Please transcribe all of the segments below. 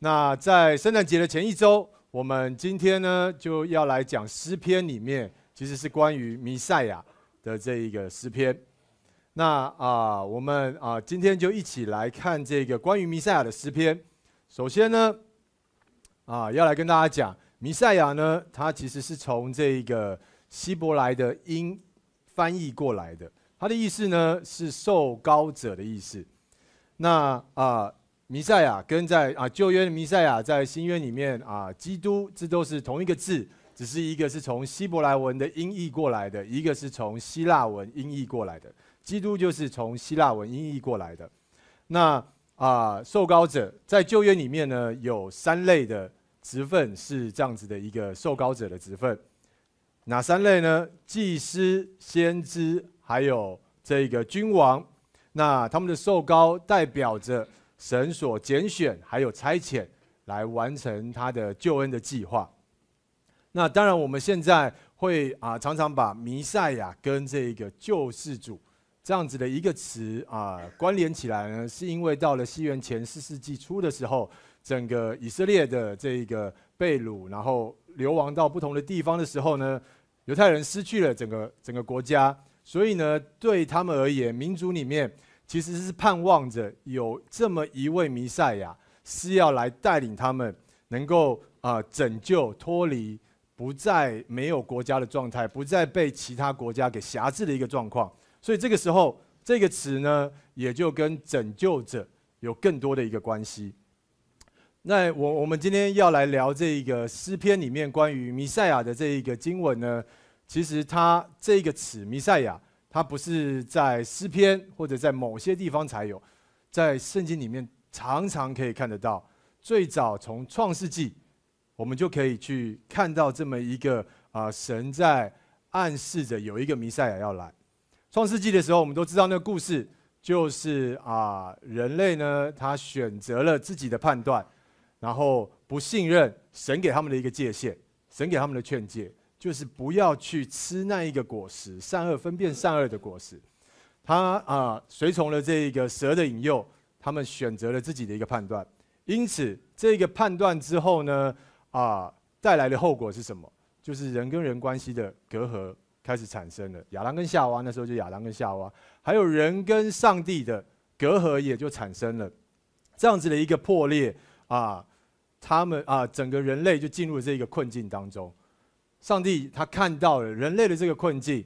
那在聖誕節的前一周，我們今天呢就要來講詩篇裡面，其實是關於彌賽亞的這一個詩篇。那啊、呃，我們啊、呃、今天就一起來看這個關於彌賽亞的詩篇。首先呢，啊、呃、要來跟大家講，彌賽亞呢，它其實是從這個希伯來的音翻譯過來的，它的意思呢是受膏者的意思。那啊，呃彌賽亞跟在啊舊約的彌賽亞在新約裡面啊基督這都是同一個字，只是一個是從希伯來文的音譯過來的，一個是從希臘文音譯過來的。基督就是從希臘文音譯過來的。那啊受膏者在舊約裡面呢有三類的職分，是這樣子的一個受膏者的職分。哪三類呢？祭司、先知，還有這個君王。那他們的受膏代表着。神所揀選，還有差遣，來完成他的救恩的計劃。那當然，我們現在會啊，常常把彌賽亞跟這個救世主這樣子的一個詞啊，關聯起來呢，是因為到了西元前四世紀初的時候，整個以色列的這個被擄，然後流亡到不同的地方的時候呢，猶太人失去了整個整個國家，所以呢，對他們而言，民族裡面。其實是盼望着有這麼一位彌賽亞，是要來帶領他們，能夠啊拯救、脫離不再沒有國家的狀態，不再被其他國家給轄制的一個狀況。所以這個時候，這個詞呢，也就跟拯救者有更多的一個關係。那我我們今天要來聊這一個詩篇裡面關於彌賽亞的這一個經文呢，其實它這個詞彌賽亞。它不是在詩篇或者在某些地方才有，在聖經裡面常常可以看得到。最早從創世紀，我們就可以去看到這麼一個啊，神在暗示着有一個彌賽亞要來。創世紀的時候，我們都知道那個故事，就是啊，人類呢，他選擇了自己的判斷，然後不信任神給他們的一個界限，神給他們的勸誡。就是不要去吃那一個果實，善惡分辨善惡的果實。他啊，隨從了這一個蛇的引誘，他們選擇了自己的一個判斷。因此，這個判斷之後呢，啊，帶來的後果是什麼？就是人跟人關係的隔閡開始產生了。亞當跟夏娃那時候就亞當跟夏娃，還有人跟上帝的隔閡也就產生了。這樣子的一個破裂啊，他們啊，整個人類就進入這個困境當中。上帝他看到了人類的這個困境，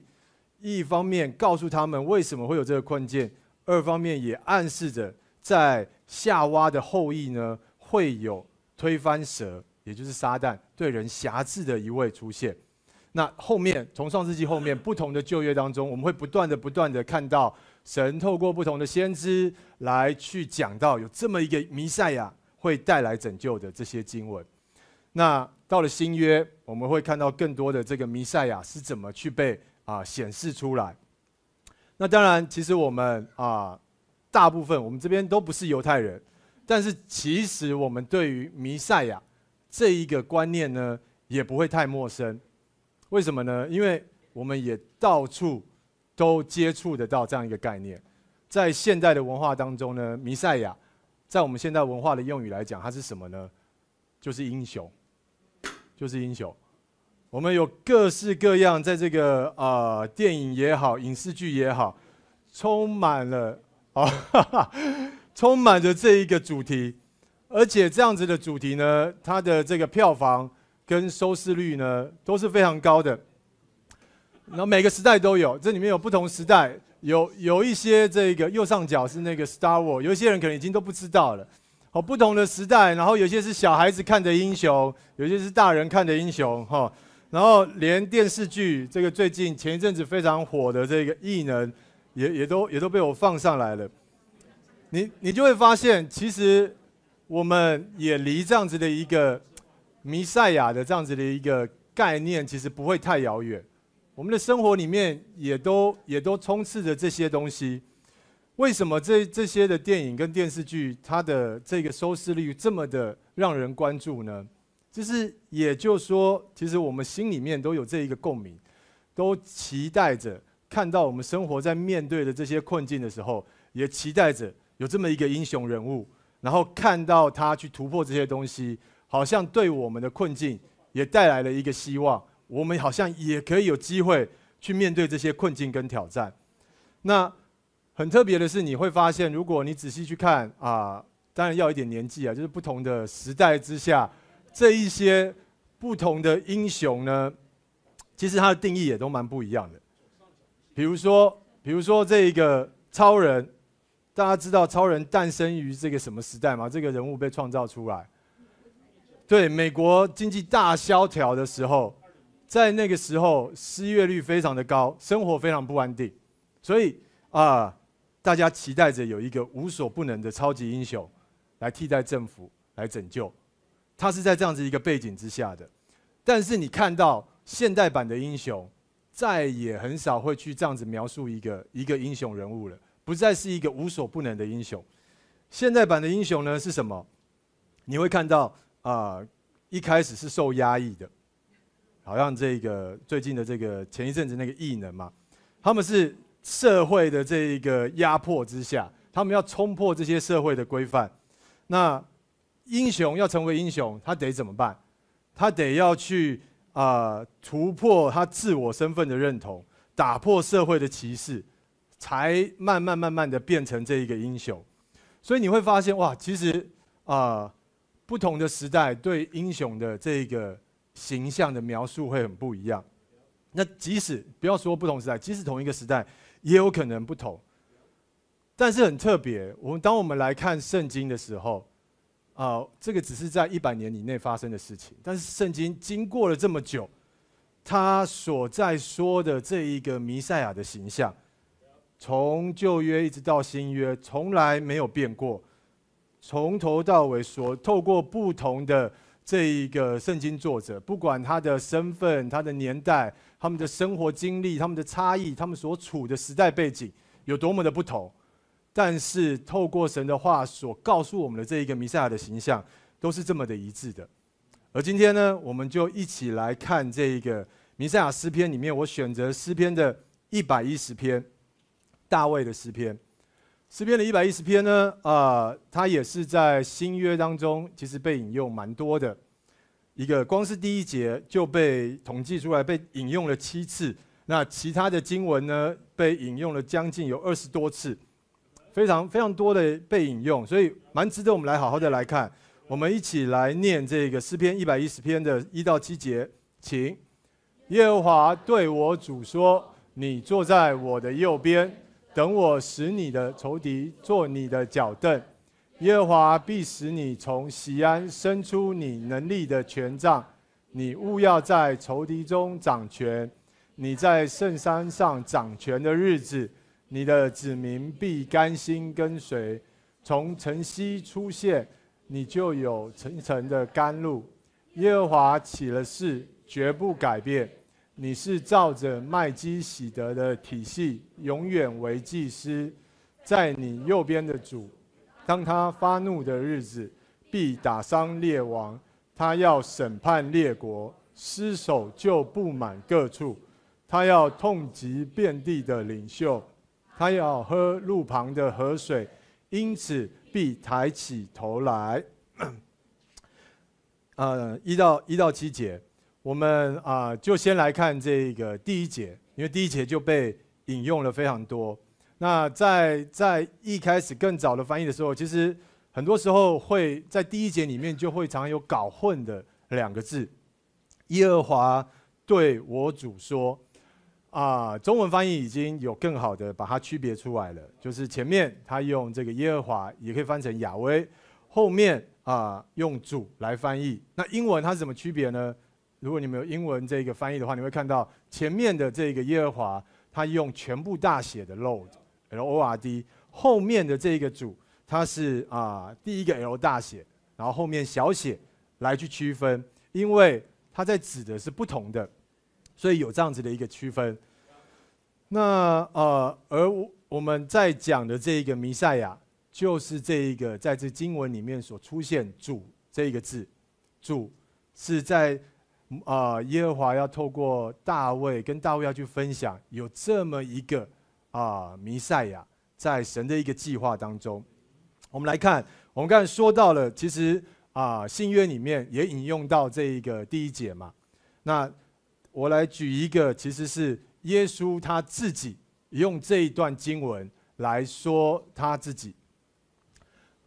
一方面告訴他們為什麼會有這個困境，二方面也暗示着在夏娃的後裔呢會有推翻蛇，也就是撒旦對人轄制的一位出現。那後面從創世紀後面不同的舊約當中，我們會不斷的不斷的看到神透過不同的先知來去講到有這麼一個彌賽亞會帶來拯救的這些經文。那到了新約，我們會看到更多的這個彌賽亞是怎麼去被啊顯示出來。那當然，其實我們啊大部分我們這邊都不是猶太人，但是其實我們對於彌賽亞這一個觀念呢，也不會太陌生。為什麼呢？因為我們也到處都接觸得到這樣一個概念。在現代的文化當中呢，彌賽亞在我們現代文化的用語來講，它是什麼呢？就是英雄。就是英雄，我們有各式各樣，在這個啊、呃、電影也好，影視劇也好，充滿了，哦、哈哈充滿着這一個主題，而且這樣子的主題呢，它的這個票房跟收視率呢都是非常高的。那每個時代都有，這裡面有不同時代，有有一些這個右上角是那個 Star Wars，有一些人可能已經都不知道了。好，不同的時代，然後有些是小孩子看的英雄，有些是大人看的英雄，哈，然後連電視劇，這個最近前一陣子非常火的這個異能，也也都也都被我放上來了。你你就會發現，其實我們也離這樣子的一個彌賽亞的這樣子的一個概念，其實不會太遙遠。我們的生活裡面也都也都充斥着這些東西。為什麼這這些的電影跟電視劇，它的這個收視率這麼的讓人關注呢？就是也就是說，其實我們心裡面都有這一個共鳴，都期待着看到我們生活在面對的這些困境的時候，也期待着有這麼一個英雄人物，然後看到他去突破這些東西，好像對我們的困境也帶來了一個希望，我們好像也可以有機會去面對這些困境跟挑戰。那很特別的是，你會發現，如果你仔細去看啊，當然要一點年紀啊，就是不同的時代之下，這一些不同的英雄呢，其實它的定義也都蠻不一樣的。比如說，比如說這一個超人，大家知道超人誕生於這個什麼時代嗎？這個人物被創造出來，對，美國經濟大蕭條的時候，在那個時候失業率非常的高，生活非常不安定，所以啊。大家期待着有一個無所不能的超級英雄來替代政府來拯救，他是在這樣子一個背景之下的。但是你看到現代版的英雄，再也很少會去這樣子描述一個一個英雄人物了，不再是一個無所不能的英雄。現代版的英雄呢是什麼？你會看到啊，一開始是受壓抑的，好像這個最近的這個前一陣子那個異能嘛，他們是。社會的這一個壓迫之下，他們要衝破這些社會的規範。那英雄要成為英雄，他得怎麼辦？他得要去啊、呃，突破他自我身份的認同，打破社會的歧視，才慢慢慢慢的變成這一個英雄。所以你會發現，哇，其實啊、呃，不同的時代對英雄的這個形象的描述會很不一樣。那即使不要說不同時代，即使同一個時代。也有可能不同，但是很特別。我們當我們來看聖經的時候，啊、哦，這個只是在一百年以內發生的事情。但是聖經經過了這麼久，他所在說的這一個彌賽亞的形象，從舊約一直到新約，從來沒有變過，從頭到尾所，透過不同的。這一個聖經作者，不管他的身份、他的年代、他們的生活經歷、他們的差異、他們所處的時代背景有多麼的不同，但是透過神的話所告訴我們的這一個彌賽亞的形象，都是這麼的一致的。而今天呢，我們就一起來看這一個彌賽亞詩篇裡面，我選擇詩篇的一百一十篇，大衛的詩篇。詩篇的一百一十篇呢，啊、呃，它也是在新約當中，其實被引用蠻多的。一個光是第一節就被統計出來被引用了七次，那其他的經文呢，被引用了將近有二十多次，非常非常多的被引用，所以蠻值得我們來好好的來看。我們一起來念這個詩篇一百一十篇的一到七節，請。耶和華對我主說：“你坐在我的右邊。”等我使你的仇敵作你的腳凳，耶和華必使你從錫安伸出你能力的權杖，你勿要在仇敵中掌權，你在聖山上掌權的日子，你的子民必甘心跟隨。從晨曦出現，你就有層層的甘露。耶和華起了誓，絕不改變。你是照着麥基洗德的體系，永遠為祭司。在你右邊的主，當他發怒的日子，必打傷列王，他要審判列國，失手就布滿各處，他要痛擊遍地的領袖，他要喝路旁的河水，因此必抬起頭來。呃，一到一到七節。我們啊，就先來看這個第一節，因為第一節就被引用了非常多。那在在一開始更早的翻譯的時候，其實很多時候會在第一節裡面就會常常有搞混的兩個字。耶和華對我主說，啊，中文翻譯已經有更好的把它區別出來了。就是前面他用這個耶和華，也可以翻成雅威，後面啊用主來翻譯。那英文它是什麼區別呢？如果你們有英文這個翻譯的話，你會看到前面的這個耶和華，他用全部大寫的 LORD，L O R D，後面的這一個主，它是啊、呃、第一個 L 大寫，然後後面小寫來去區分，因為他在指的是不同的，所以有這樣子的一個區分。那呃，而我們在講的這一個彌賽亞，就是這一個在這經文裡面所出現主這一個字，主是在。啊，耶和華要透過大衛，跟大衛要去分享，有這麼一個啊彌賽亞，在神的一個計劃當中。我們來看，我們剛才說到了，其實啊新約裡面也引用到這一個第一節嘛。那我來舉一個，其實是耶穌他自己用這一段經文來說他自己。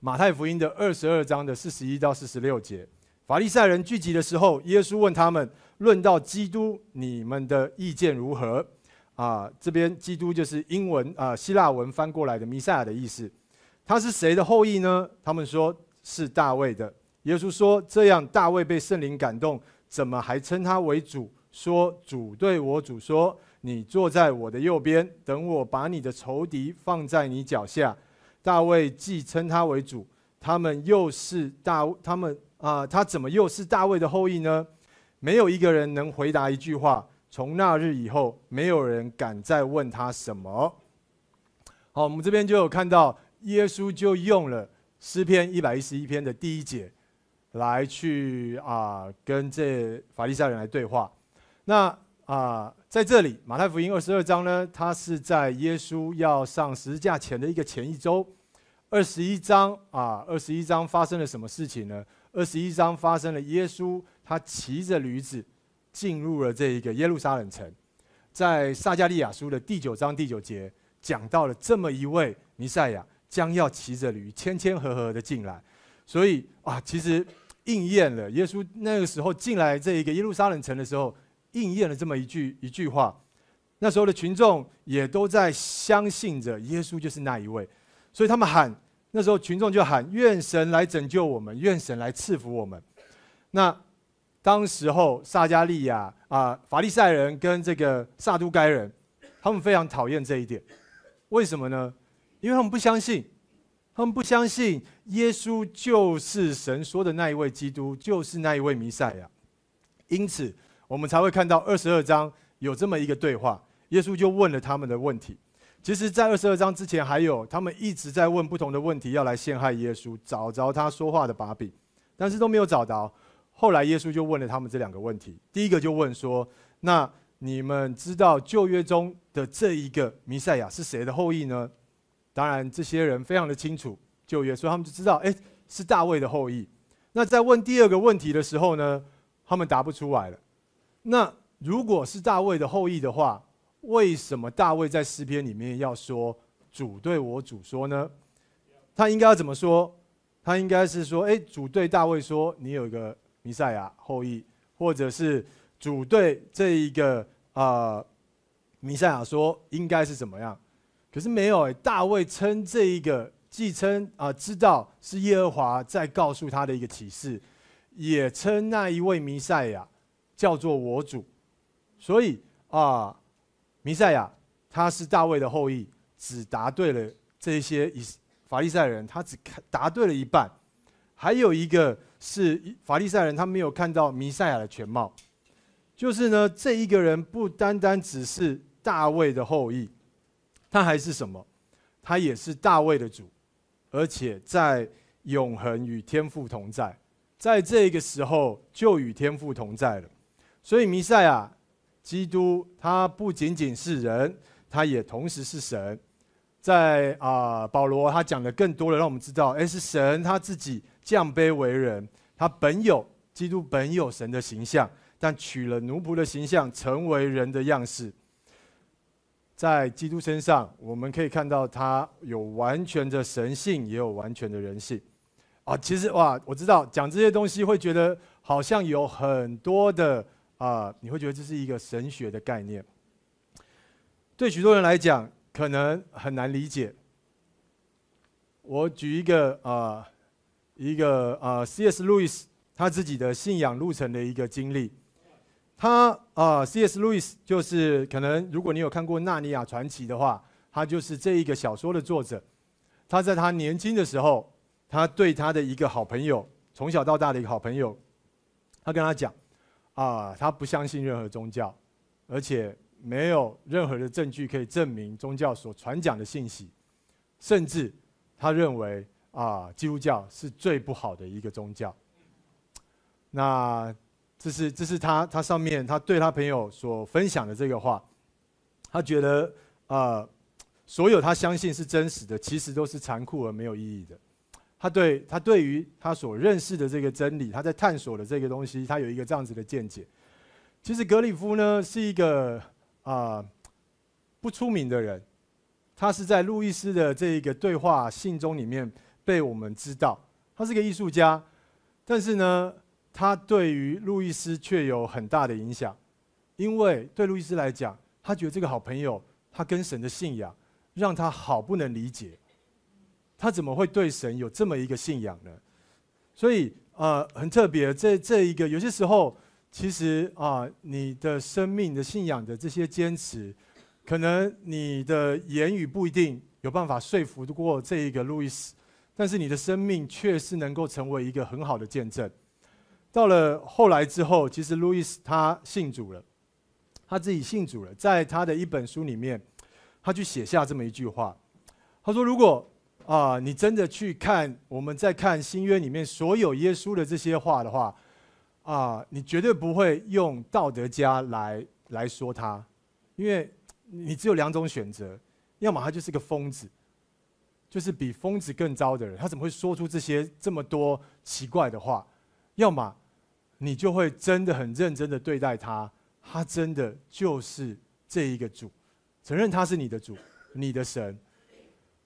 馬太福音的二十二章的四十一到四十六節。法利賽人聚集的時候，耶穌問他們：“論到基督，你們的意見如何？”啊，這邊基督就是英文啊，希臘文翻過來的“彌賽亞”的意思。他是誰的後裔呢？他們說是大衛的。耶穌說：“這樣，大衛被聖靈感動，怎麼還稱他為主？說主對我主說：‘你坐在我的右邊，等我把你的仇敵放在你腳下。’大衛既稱他為主，他們又是大他們。”啊，他怎麼又是大衛的後裔呢？沒有一個人能回答一句話。從那日以後，沒有人敢再問他什麼。好，我們這邊就有看到，耶穌就用了詩篇一百一十一篇的第一節，來去啊跟這法利賽人來對話。那啊，在這裡，馬太福音二十二章呢，他是在耶穌要上十字架前的一個前一周。二十一章啊，二十一章發生了什麼事情呢？二十一章發生了，耶穌他騎着驢子進入了這一個耶路撒冷城在，在撒迦利亞書的第九章第九節講到了這麼一位彌賽亞將要騎着驢謙謙和和的進來，所以啊，其實應驗了耶穌那個時候進來這一個耶路撒冷城的時候，應驗了這麼一句一句話，那時候的群眾也都在相信着耶穌就是那一位，所以他們喊。那時候群眾就喊：“願神來拯救我們，願神來賜福我們。那”那當時候，撒迦利亞啊、呃，法利賽人跟這個撒都該人，他們非常討厭這一點。為什麼呢？因為他們不相信，他們不相信耶穌就是神說的那一位基督，就是那一位彌賽亞。因此，我們才會看到二十二章有這麼一個對話，耶穌就問了他們的問題。其實，在二十二章之前，還有他們一直在問不同的問題，要來陷害耶穌，找着他說話的把柄，但是都沒有找到。後來，耶穌就問了他們這兩個問題。第一個就問說：“那你們知道舊約中的這一個彌賽亞是誰的後裔呢？”當然，這些人非常的清楚舊約，所以他們就知道，誒，是大衛的後裔。那在問第二個問題的時候呢，他們答不出來了。那如果是大衛的後裔的話，為什麼大衛在詩篇裡面要說“主對我主說”呢？他應該要怎麼說？他應該是說：“誒，主對大衛說，你有一個彌賽亞後裔，或者是主對這一個啊、呃、彌賽亞說，應該是怎麼樣？”可是沒有誒，大衛稱這一個，既稱啊、呃、知道是耶和華在告訴他的一個啟示，也稱那一位彌賽亞叫做我主，所以啊。呃彌賽亞他是大衛的後裔，只答對了這些以法利賽人，他只答對了一半。還有一個是法利賽人，他沒有看到彌賽亞的全貌。就是呢，這一個人不單單只是大衛的後裔，他還是什麼？他也是大衛的主，而且在永恆與天父同在，在這個時候就與天父同在了。所以彌賽亞。基督他不僅僅是人，他也同時是神。在啊，保羅他講的更多的讓我們知道，哎，是神他自己降卑為人，他本有基督本有神的形象，但取了奴僕的形象，成為人的樣式。在基督身上，我們可以看到他有完全的神性，也有完全的人性。啊，其實哇，我知道講這些東西會覺得好像有很多的。啊，你會覺得這是一個神學的概念，對許多人來講可能很難理解。我舉一個啊、呃，一個啊，C.S. 路易斯他自己的信仰路程的一個經歷他。他啊，C.S. 路易斯就是可能如果你有看過《納尼亞傳奇》的話，他就是這一個小說的作者。他在他年輕的時候，他對他的一個好朋友，從小到大的一個好朋友，他跟他講。啊，他不相信任何宗教，而且沒有任何的證據可以證明宗教所傳講的信息，甚至他認為啊，基督教是最不好的一個宗教。那這是這是他他上面他對他朋友所分享的這個話，他覺得啊，所有他相信是真實的，其實都是殘酷而沒有意義的。他對他對於他所認識的這個真理，他在探索的這個東西，他有一個這樣子的見解。其實格里夫呢是一個啊、呃、不出名的人，他是在路易斯的這一個對話信中裡面被我們知道，他是個藝術家，但是呢，他對於路易斯卻有很大的影響，因為對路易斯來講，他覺得這個好朋友，他跟神的信仰讓他好不能理解。他怎麼會對神有這麼一個信仰呢？所以呃，很特別。這這一個有些時候，其實啊、呃，你的生命的信仰的這些堅持，可能你的言語不一定有辦法說服過這一個路易斯，但是你的生命確實能夠成為一個很好的見證。到了後來之後，其實路易斯他信主了，他自己信主了，在他的一本書裡面，他去寫下這麼一句話，他說：“如果。”啊，uh，你真的去看我們在看新約裡面所有耶穌的這些話的話，啊，uh，你絕對不會用道德家來來說他，因為你只有兩種選擇，要麼他就是個瘋子，就是比瘋子更糟的人，他怎麼會說出這些這麼多奇怪的話？要麼你就會真的很認真的對待他，他真的就是這一個主，承認他是你的主，你的神。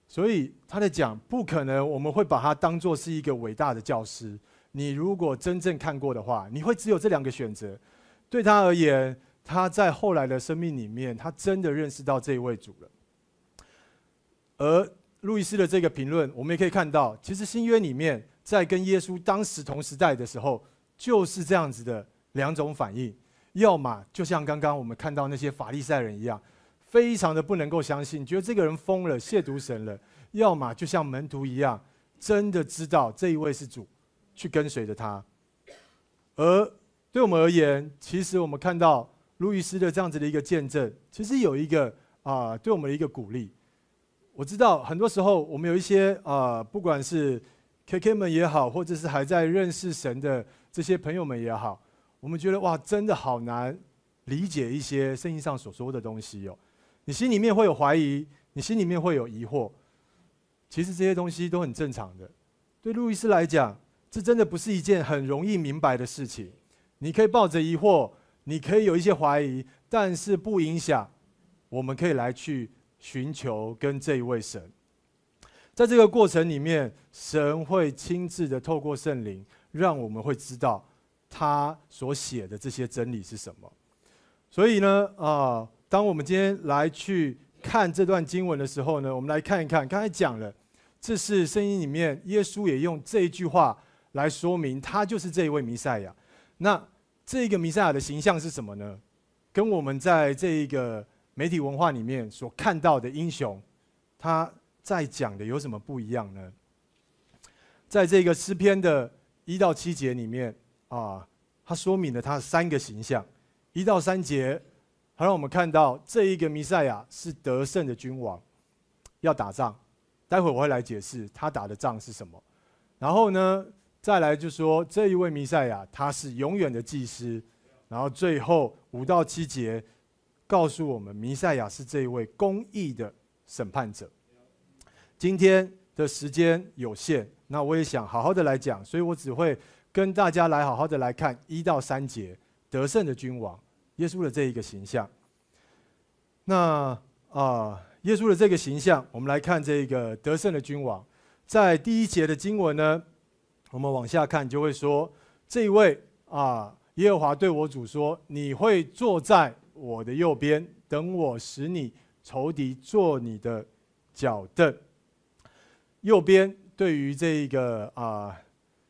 所以他在講，不可能我們會把他當做是一個偉大的教師。你如果真正看過的話，你會只有這兩個選擇。對他而言，他在後來的生命裡面，他真的認識到這一位主了。而路易斯的這個評論，我們也可以看到，其實新約裡面在跟耶穌當時同時代的時候，就是這樣子的兩種反應。要麼就像剛剛我們看到那些法利賽人一樣。非常的不能夠相信，覺得這個人瘋了，褻瀆神了。要麼就像門徒一樣，真的知道這一位是主，去跟隨着他。而對我們而言，其實我們看到路易斯的這樣子的一個見證，其實有一個啊、呃，對我們的一個鼓勵。我知道很多時候我們有一些啊、呃，不管是 KK 們也好，或者是還在認識神的這些朋友們也好，我們覺得哇，真的好難理解一些聖經上所說的東西哦。你心裡面會有懷疑，你心裡面會有疑惑，其實這些東西都很正常的。對路易斯來講，這真的不是一件很容易明白的事情。你可以抱着疑惑，你可以有一些懷疑，但是不影響，我們可以來去尋求跟這一位神。在這個過程裡面，神會親自的透過聖靈，讓我們會知道他所寫的這些真理是什麼。所以呢，啊、呃。當我們今天來去看這段經文的時候呢，我們來看一看。剛才講了，這是聖經裡面耶穌也用這一句話來說明，他就是這一位彌賽亞。那這個彌賽亞的形象是什麼呢？跟我們在這一個媒體文化裡面所看到的英雄，他在講的有什麼不一樣呢？在這個詩篇的一到七節裡面啊，他說明了他三個形象，一到三節。好，讓我們看到這一個彌賽亞是得勝的君王，要打仗。待會我會來解釋他打的仗是什麼。然後呢，再來就說這一位彌賽亞他是永遠的祭司。然後最後五到七節告訴我們，彌賽亞是這一位公義的審判者。今天的時間有限，那我也想好好的來講，所以我只會跟大家來好好的來看一到三節，得勝的君王。耶穌的這一個形象，那啊，耶穌的這個形象，我們來看這個得勝的君王，在第一節的經文呢，我們往下看就會說，這一位啊，耶和華對我主說，你會坐在我的右邊，等我使你仇敵作你的腳凳。右邊對於這一個啊，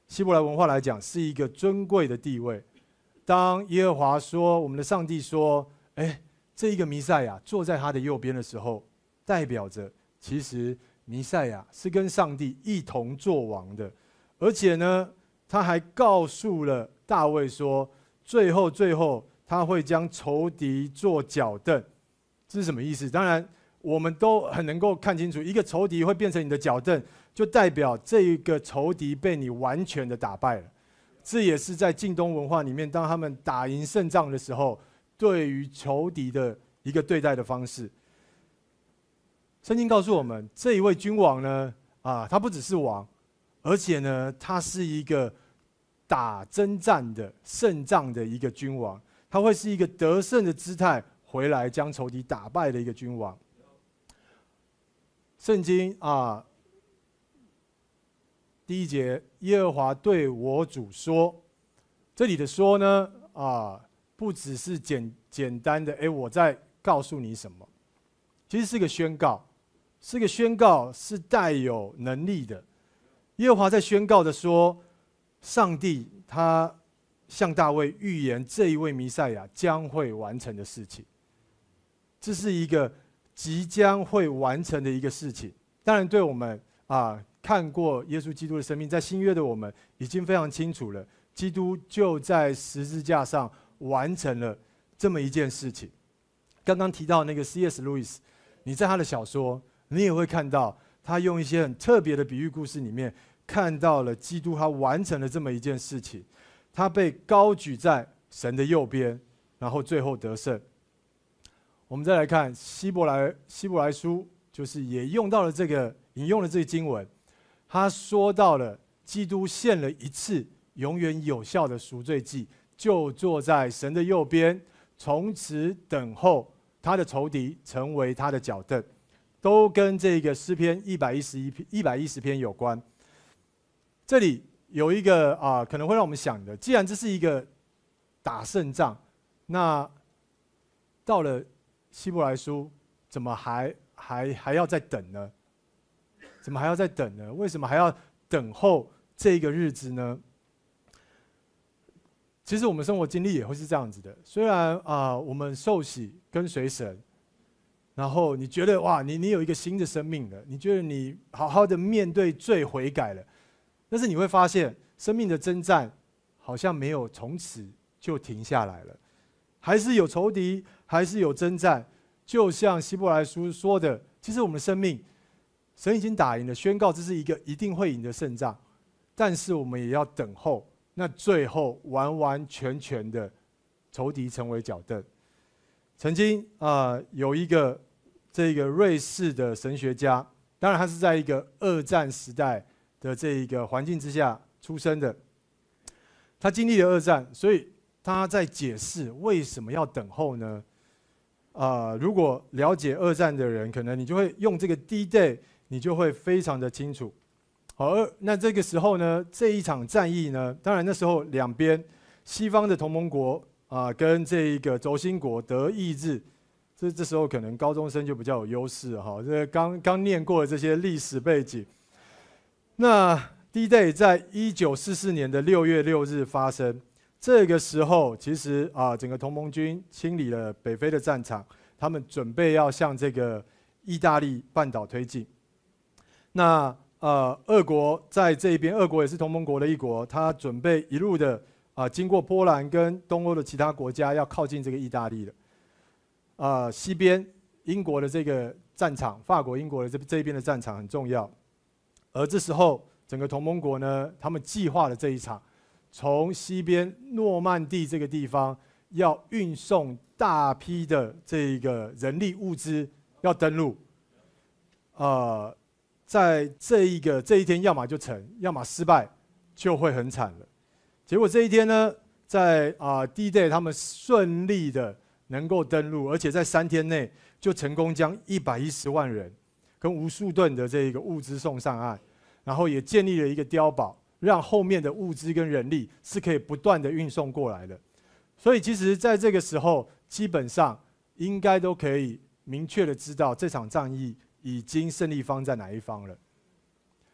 希伯來文化來講，是一個尊貴的地位。當耶和華說，我們的上帝說：“誒，這一個彌賽亞坐在他的右邊的時候，代表着其實彌賽亞是跟上帝一同作王的。而且呢，他還告訴了大衛說，最後最後他會將仇敵做腳凳。這是什麼意思？當然，我們都很能夠看清楚，一個仇敵會變成你的腳凳，就代表這一個仇敵被你完全的打敗了。”這也是在近東文化裡面，當他們打贏勝仗的時候，對於仇敵的一個對待的方式。聖經告訴我們，這一位君王呢，啊，他不只是王，而且呢，他是一個打征戰的勝仗的一個君王，他會是一個得勝的姿態回來，將仇敵打敗的一個君王。聖經啊。第一節，耶和華對我主說，這裡的說呢，啊，不只是簡簡單的，誒，我在告訴你什麼，其實是個宣告，是個宣告，是帶有能力的，耶和華在宣告的說，上帝他向大衛預言這一位彌賽亞將會完成的事情，這是一個即將會完成的一個事情，當然對我們。啊，看過耶穌基督的生命，在新約的我們已經非常清楚了。基督就在十字架上完成了這麼一件事情。剛剛提到那個 C.S. Lewis，你在他的小說，你也會看到他用一些很特別的比喻故事，裡面看到了基督他完成了這麼一件事情，他被高舉在神的右邊，然後最後得勝。我們再來看希伯來希伯來書，就是也用到了這個。引用了這些經文，他說到了基督獻了一次永遠有效的贖罪祭，就坐在神的右邊，從此等候他的仇敵成為他的腳凳，都跟這個詩篇一百一十一篇一百一十篇有關。這裡有一個啊、呃，可能會讓我們想的，既然這是一個打勝仗，那到了希伯來書，怎麼還還還要再等呢？怎麼還要再等呢？為什麼還要等候這個日子呢？其實我們生活經歷也會是這樣子的。雖然啊、呃，我們受洗跟隨神，然後你覺得哇，你你有一個新的生命了，你覺得你好好的面對罪悔改了，但是你會發現生命的征戰好像沒有從此就停下來了，還是有仇敵，還是有征戰。就像希伯來書說的，其實我們的生命。神已經打贏了，宣告這是一個一定會贏的勝仗，但是我們也要等候，那最後完完全全的仇敵成為腳凳。曾經啊、呃，有一個這個瑞士的神學家，當然他是在一個二戰時代的這一個環境之下出生的，他經歷了二戰，所以他在解釋為什麼要等候呢？啊、呃，如果了解二戰的人，可能你就會用這個 D-Day 你就會非常的清楚，好，那這個時候呢，這一場戰役呢，當然那時候兩邊，西方的同盟國啊，跟這一個軸心國德意日。這這時候可能高中生就比較有優勢哈，這剛剛念過的這些歷史背景。那 D-Day 在一九四四年的六月六日發生，這個時候其實啊，整個同盟軍清理了北非的戰場，他們準備要向這個意大利半島推進。那呃，俄國在這一邊，俄國也是同盟國的一國，他準備一路的啊、呃，經過波蘭跟東歐的其他國家，要靠近這個意大利的，啊、呃，西邊英國的這個戰場，法國、英國的這這一邊的戰場很重要。而這時候，整個同盟國呢，他們計劃了這一場，從西邊諾曼底這個地方要運送大批的這個人力物資，要登陸，啊、呃。在這一個這一天，要麼就成，要麼失敗，就會很慘了。結果這一天呢，在啊 D-Day，他們順利的能夠登陸，而且在三天內就成功將一百一十萬人跟無數噸的這一個物資送上岸，然後也建立了一個碉堡，讓後面的物資跟人力是可以不斷的運送過來的。所以其實在這個時候，基本上應該都可以明確的知道這場戰役，已經勝利方在哪一方了？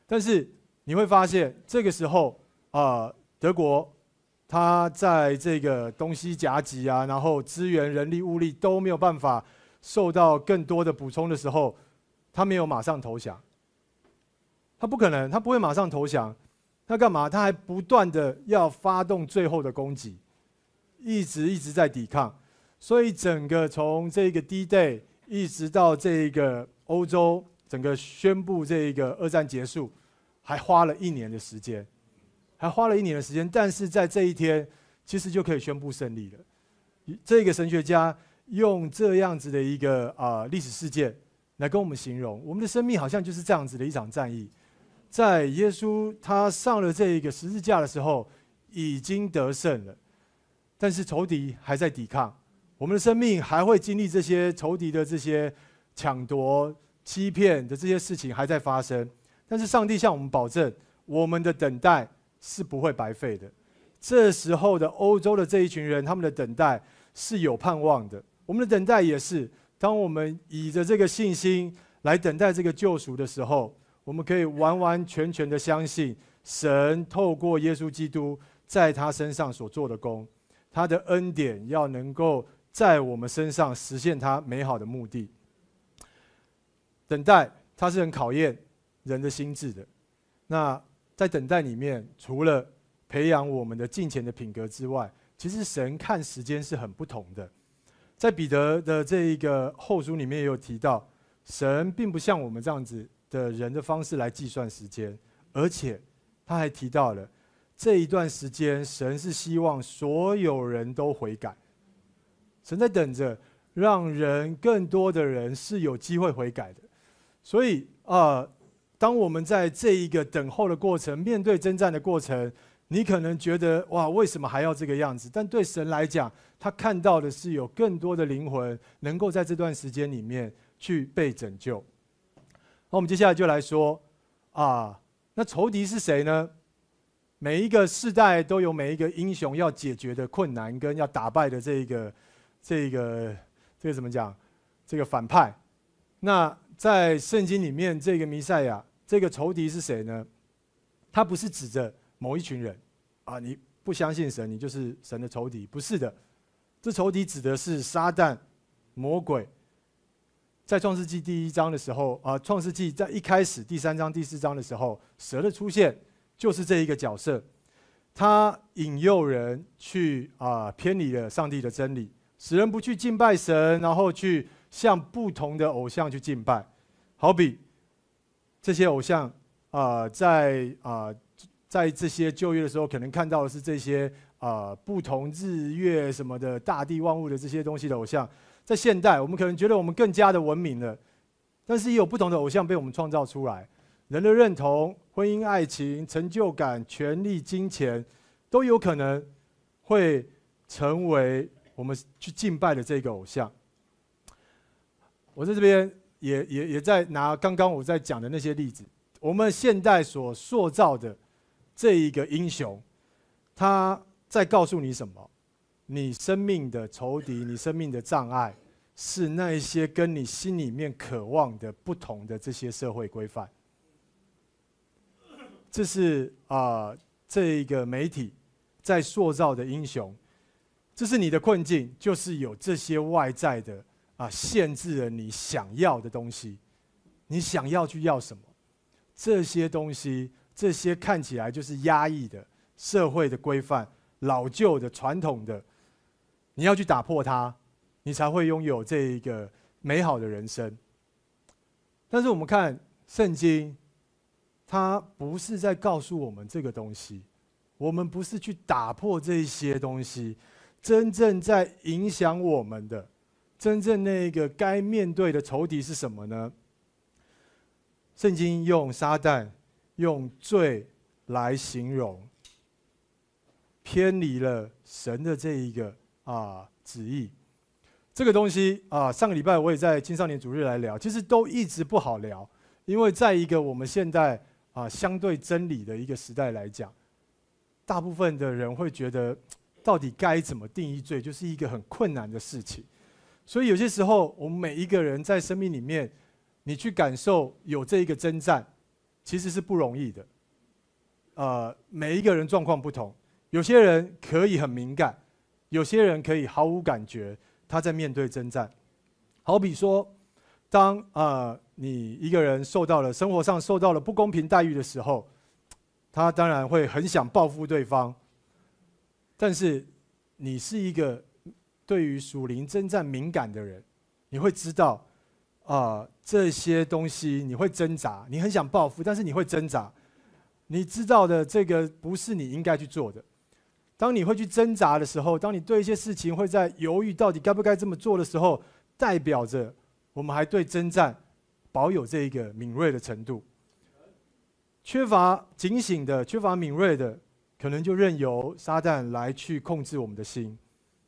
但是你會發現，這個時候啊，德國他在這個東西夾擊啊，然後資源、人力、物力都沒有辦法受到更多的補充的時候，他沒有馬上投降。他不可能，他不會馬上投降。他幹嘛？他還不斷的要發動最後的攻擊，一直一直在抵抗。所以整個從這個 D-Day 一直到這個。歐洲整個宣布這個二戰結束，還花了一年的時間，還花了一年的時間。但是在這一天，其實就可以宣布勝利了。這個神學家用這樣子的一個啊歷史事件來跟我們形容，我們的生命好像就是這樣子的一場戰役，在耶穌他上了這一個十字架的時候已經得勝了，但是仇敵還在抵抗，我們的生命還會經歷這些仇敵的這些。搶奪、欺騙的這些事情還在發生，但是上帝向我們保證，我們的等待是不會白費的。這時候的歐洲的這一群人，他們的等待是有盼望的。我們的等待也是，當我們倚着這個信心來等待這個救贖的時候，我們可以完完全全的相信神透過耶穌基督在他身上所做的功，他的恩典要能夠在我們身上實現他美好的目的。等待，它是很考驗人的心智的。那在等待裡面，除了培養我們的敬虔的品格之外，其實神看時間是很不同的。在彼得的這一個後書裡面也有提到，神並不像我們這樣子的人的方式來計算時間，而且他還提到了這一段時間，神是希望所有人都悔改。神在等着，讓人更多的人是有機會悔改的。所以啊、呃，當我們在這一個等候的過程、面對征戰的過程，你可能覺得哇，為什麼還要這個樣子？但對神來講，他看到的是有更多的靈魂能夠在這段時間裡面去被拯救。好，我們接下來就來說啊、呃，那仇敵是誰呢？每一個世代都有每一個英雄要解決的困難，跟要打敗的這一個、這一個、這個怎麼講？這個反派，那。在聖經裡面，這個彌賽亞，這個仇敵是誰呢？他不是指着某一群人，啊，你不相信神，你就是神的仇敵，不是的。這仇敵指的是撒旦、魔鬼。在創世記第一章的時候，啊，創世記在一開始第三章、第四章的時候，蛇的出現就是這一個角色，他引誘人去啊偏離了上帝的真理，使人不去敬拜神，然後去。向不同的偶像去敬拜，好比這些偶像啊、呃，在啊、呃、在這些舊約的時候，可能看到的是這些啊、呃、不同日月什麼的大地萬物的這些東西的偶像。在現代，我們可能覺得我們更加的文明了，但是也有不同的偶像被我們創造出來。人的認同、婚姻、愛情、成就感、權力、金錢，都有可能會成為我們去敬拜的這個偶像。我在這邊也也也在拿剛剛我在講的那些例子，我們現代所塑造的這一個英雄，他在告訴你什麼？你生命的仇敵，你生命的障礙，是那一些跟你心裡面渴望的不同的這些社會規範。這是啊、呃，這一個媒體在塑造的英雄，這是你的困境，就是有這些外在的。啊，限制了你想要的東西，你想要去要什麼？這些東西，這些看起來就是壓抑的，社會的規範、老舊的、傳統的，你要去打破它，你才會擁有這一個美好的人生。但是我們看聖經，它不是在告訴我們這個東西，我們不是去打破這些東西，真正在影響我們的。真正那個該面對的仇敵是什麼呢？聖經用撒旦、用罪來形容，偏離了神的這一個啊旨意。這個東西啊，上個禮拜我也在青少年主日來聊，其實都一直不好聊，因為在一個我們現在啊相對真理的一個時代來講，大部分的人會覺得，到底該怎麼定義罪，就是一個很困難的事情。所以有些時候，我們每一個人在生命裡面，你去感受有這一個征戰，其實是不容易的。呃，每一個人狀況不同，有些人可以很敏感，有些人可以毫無感覺。他在面對征戰，好比說，當呃你一個人受到了生活上受到了不公平待遇的時候，他當然會很想報復對方。但是，你是一個對於屬靈征戰敏感的人，你會知道，啊、呃，這些東西你會掙扎，你很想報復，但是你會掙扎。你知道的，這個不是你應該去做的。當你會去掙扎的時候，當你對一些事情會在猶豫，到底該不該這麼做的時候，代表着我們還對征戰保有這一個敏銳的程度。缺乏警醒的，缺乏敏銳的，可能就任由撒旦來去控制我們的心。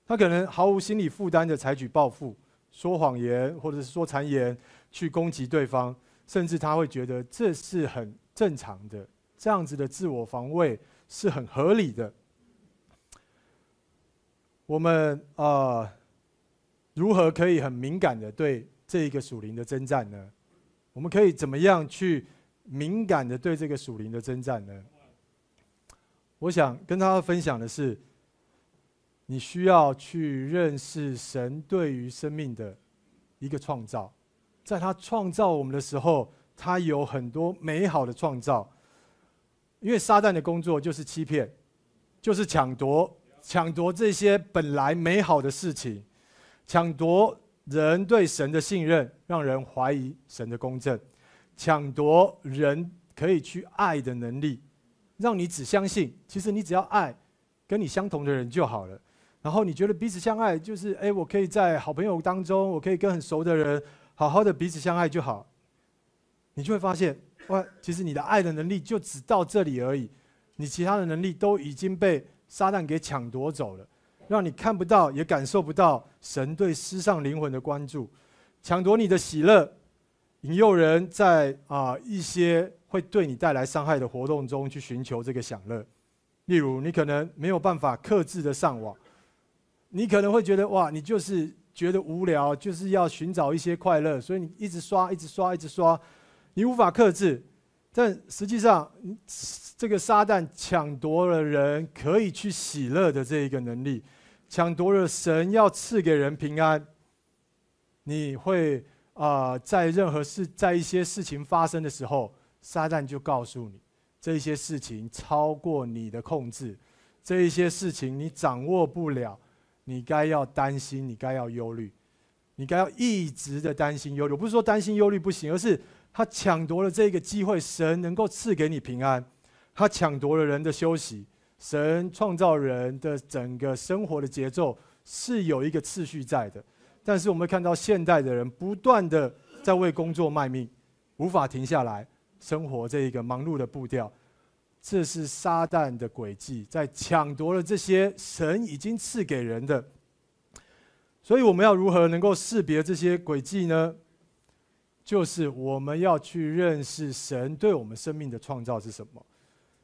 他可能毫無心理負擔的採取報復、說謊言或者是說讒言去攻擊對方，甚至他會覺得這是很正常的，這樣子的自我防衛是很合理的。我們啊、呃，如何可以很敏感的對這一個屬靈的征戰呢？我們可以怎麼樣去敏感的對這個屬靈的征戰呢？我想跟大家分享的是，你需要去認識神對於生命的一個創造，在他創造我們的時候，他有很多美好的創造。因為撒旦的工作就是欺騙，就是搶奪，搶奪這些本來美好的事情，搶奪人對神的信任，讓人懷疑神的公正，搶奪人可以去愛的能力，讓你只相信，其實你只要愛跟你相同的人就好了。然後你覺得彼此相愛就是哎，我可以在好朋友當中，我可以跟很熟的人好好的彼此相愛就好，你就會發現，哇，其實你的愛的能力就只到這裡而已，你其他的能力都已經被撒旦給搶奪走了，讓你看不到也感受不到神對失喪靈魂的關注，搶奪你的喜樂，引誘人在啊一些會對你帶來傷害的活動中去尋求這個享樂，例如你可能沒有辦法克制的上網。你可能會覺得哇，你就是覺得無聊，就是要尋找一些快樂，所以你一直刷，一直刷，一直刷，你無法克制。但實際上，這個撒旦搶奪了人可以去喜樂的這一個能力，搶奪了神要賜給人平安。你會啊、呃，在任何事，在一些事情發生的時候，撒旦就告訴你，這一些事情超過你的控制，這一些事情你掌握不了。你該要擔心，你該要憂慮，你該要一直的擔心憂慮。我不是說擔心憂慮不行，而是他搶奪了這個機會，神能夠賜給你平安，他搶奪了人的休息。神創造人的整個生活的節奏是有一個次序在的，但是我們看到現代的人不斷的在為工作賣命，無法停下來，生活這一個忙碌的步調。這是撒旦的詭計，在搶奪了這些神已經賜給人的。所以我們要如何能夠識別這些詭計呢？就是我們要去認識神對我們生命的創造是什麼。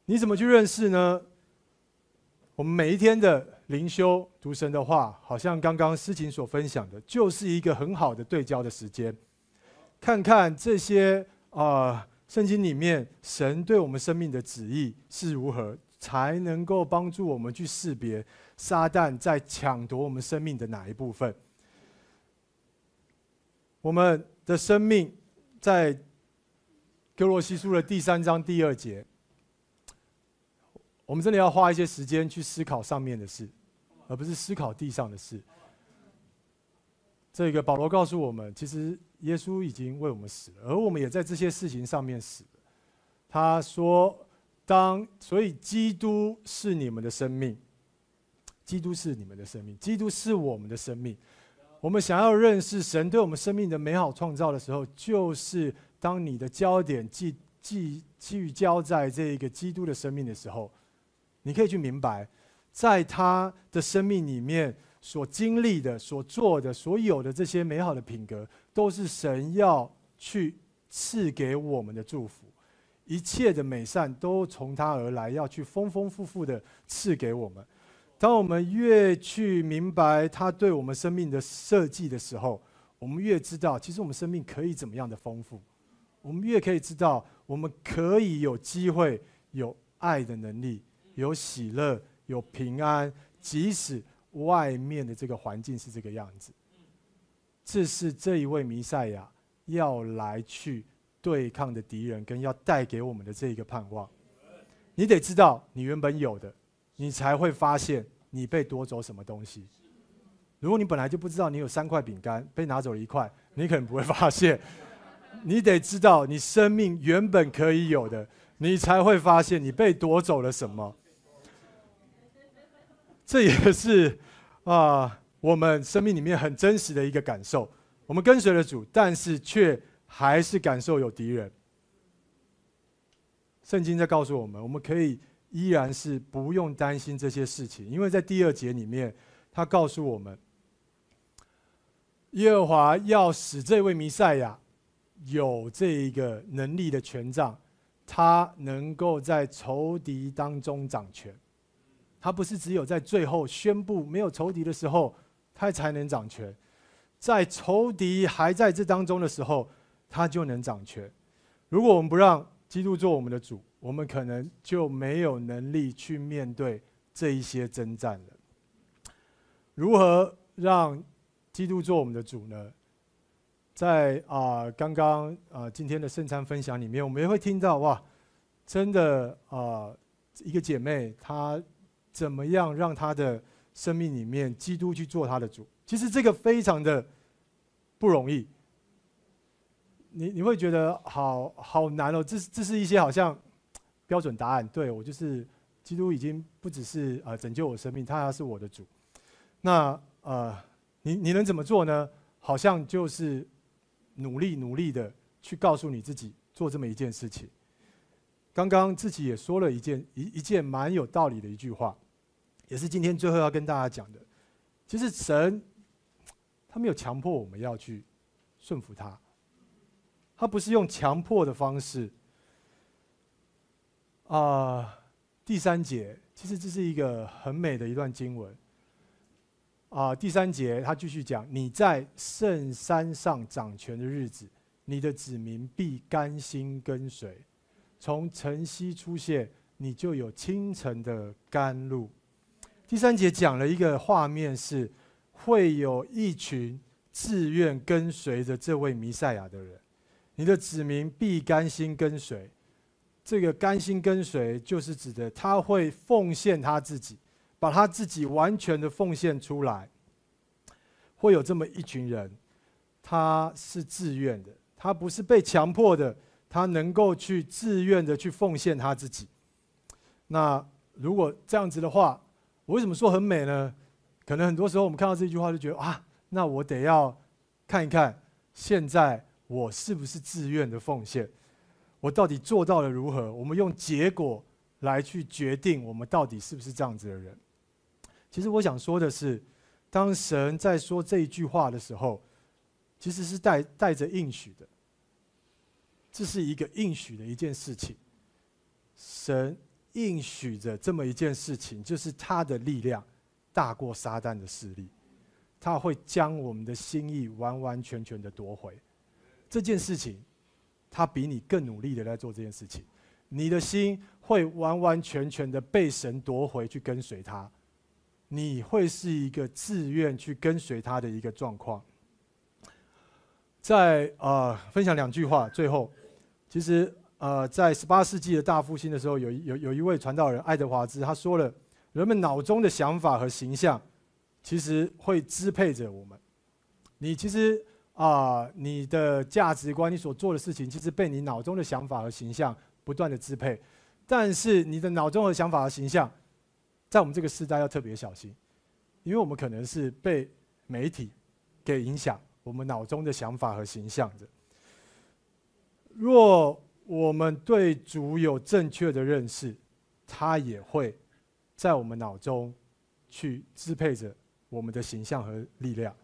你怎麼去認識呢？我們每一天的靈修讀神的話，好像剛剛詩琴所分享的，就是一個很好的對焦的時間，看看這些啊。呃聖經裡面，神對我們生命的旨意是如何，才能夠幫助我們去識別撒旦在搶奪我們生命的哪一部分？我們的生命，在歌羅西書的第三章第二節，我們真的要花一些時間去思考上面的事，而不是思考地上的事。這個保羅告訴我們，其實。耶穌已經為我們死了，而我們也在這些事情上面死了。他說：“當所以，基督是你們的生命，基督是你們的生命，基督是我們的生命。我們想要認識神對我們生命的美好創造的時候，就是當你的焦點聚聚聚焦在這個基督的生命的時候，你可以去明白，在他的生命裡面。”所經歷的、所做的、所有的這些美好的品格，都是神要去賜給我們的祝福。一切的美善都從他而來，要去豐豐富富的賜給我們。當我們越去明白他對我們生命的設計的時候，我們越知道，其實我們生命可以怎麼樣的豐富。我們越可以知道，我們可以有機會有愛的能力，有喜樂，有平安，即使。外面的這個環境是這個樣子，這是這一位彌賽亞要來去對抗的敵人，跟要帶給我們的這一個盼望。你得知道你原本有的，你才會發現你被奪走什麼東西。如果你本來就不知道你有三塊餅乾被拿走了一塊，你可能不會發現。你得知道你生命原本可以有的，你才會發現你被奪走了什麼。這也是啊，呃，我們生命裡面很真實的一個感受。我們跟隨了主，但是卻還是感受有敵人。聖經在告訴我們，我們可以依然是不用擔心這些事情，因為在第二節裡面，他告訴我們，耶和華要使這位彌賽亞有這一個能力的權杖，他能夠在仇敵當中掌權。他不是只有在最後宣布沒有仇敵的時候，他才能掌權，在仇敵還在這當中的時候，他就能掌權。如果我們不讓基督做我們的主，我們可能就沒有能力去面對這一些征戰了。如何讓基督做我們的主呢？在啊、呃，剛剛啊、呃，今天的聖餐分享裡面，我們也會聽到哇，真的啊、呃，一個姐妹她。怎麼樣讓他的生命裡面基督去做他的主？其實這個非常的不容易。你你會覺得好好難哦！這是這是一些好像標準答案。對，我就是基督已經不只是呃拯救我生命，他還是我的主。那呃，你你能怎麼做呢？好像就是努力努力的去告訴你自己做這麼一件事情。剛剛自己也說了一件一一件蠻有道理的一句話。也是今天最後要跟大家講的，其實神，他沒有強迫我們要去順服他，他不是用強迫的方式，呃。啊，第三節，其實這是一個很美的一段經文，呃。啊，第三節他繼續講：你在聖山上掌權的日子，你的子民必甘心跟隨；從晨曦出現，你就有清晨的甘露。第三節講了一個畫面，是會有一群自願跟隨着這位彌賽亞的人，你的子民必甘心跟隨。這個甘心跟隨，就是指的他會奉獻他自己，把他自己完全的奉獻出來。會有這麼一群人，他是自願的，他不是被強迫的，他能夠去自願的去奉獻他自己。那如果這樣子的話，我為什麼說很美呢？可能很多時候我們看到這句話就覺得啊，那我得要看一看，現在我是不是自願的奉獻？我到底做到了如何？我們用結果來去決定我們到底是不是這樣子的人。其實我想說的是，當神在說這一句話的時候，其實是帶帶着應許的。這是一個應許的一件事情，神。應許着這麼一件事情，就是他的力量大過撒旦的勢力，他會將我們的心意完完全全的奪回。這件事情，他比你更努力的在做這件事情，你的心會完完全全的被神奪回去跟隨他，你會是一個自願去跟隨他的一個狀況。再啊，分享兩句話，最後，其實。呃，在十八世紀的大復興的時候，有有有一位傳道人愛德華茲，他說了：人們腦中的想法和形象，其實會支配着我們。你其實啊、呃，你的價值觀、你所做的事情，其實被你腦中的想法和形象不斷的支配。但是你的腦中的想法和形象，在我們這個時代要特別小心，因為我們可能是被媒體給影響我們腦中的想法和形象的。若我們對主有正確的認識，他也會在我們腦中去支配着我們的形象和力量。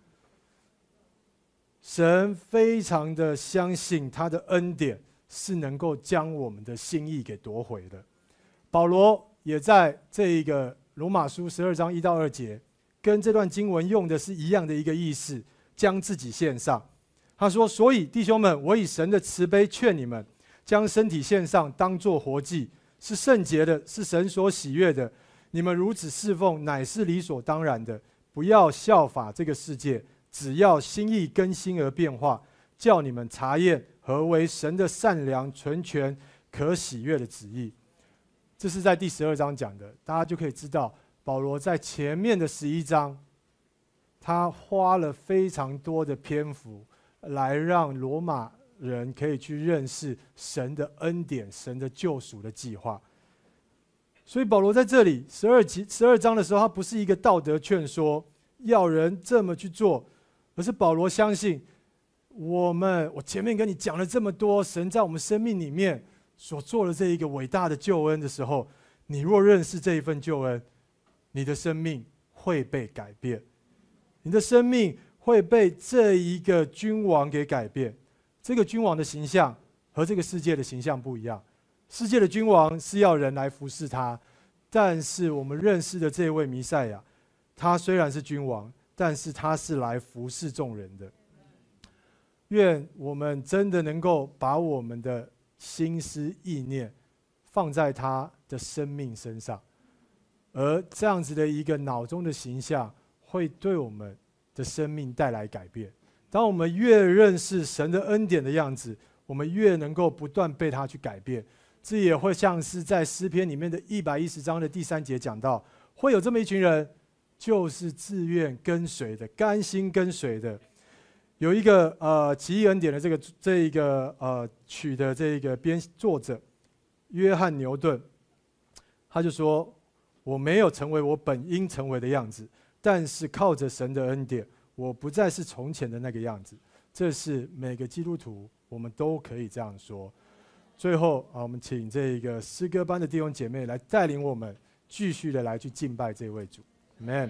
神非常的相信他的恩典是能夠將我們的心意給奪回的。保羅也在這一個羅馬書十二章一到二節，跟這段經文用的是一樣的一個意思，將自己獻上。他說：“所以弟兄們，我以神的慈悲勸你們。”將身體獻上，當做活祭，是聖潔的，是神所喜悅的。你們如此侍奉，乃是理所當然的。不要效法這個世界，只要心意更新而變化，叫你們查驗何為神的善良、純全、可喜悅的旨意。這是在第十二章講的，大家就可以知道，保羅在前面的十一章，他花了非常多的篇幅來讓羅馬。人可以去認識神的恩典、神的救贖的計劃。所以保羅在這裡十二集、十二章的時候，他不是一個道德勸說要人這麼去做，而是保羅相信我們。我前面跟你講了這麼多，神在我們生命裡面所做的這一個偉大的救恩的時候，你若認識這一份救恩，你的生命會被改變，你的生命會被這一個君王給改變。這個君王的形象和這個世界的形象不一樣。世界的君王是要人來服侍他，但是我們認識的這位彌賽亞，他雖然是君王，但是他是來服侍眾人的。願我們真的能夠把我們的心思意念放在他的生命身上，而這樣子的一個腦中的形象，會對我們的生命帶來改變。當我們越認識神的恩典的樣子，我們越能夠不斷被他去改變。這也會像是在詩篇裡面的一百一十章的第三節講到，會有這麼一群人，就是自願跟隨的、甘心跟隨的。有一個呃奇異恩典的這個這一個呃曲的這個編作者約翰牛頓，他就說：“我沒有成為我本應成為的樣子，但是靠着神的恩典。”我不再是從前的那個樣子，這是每個基督徒我們都可以這樣說。最後啊，我們請這個詩歌班的弟兄姐妹來帶領我們，繼續的來去敬拜這位主 Amen。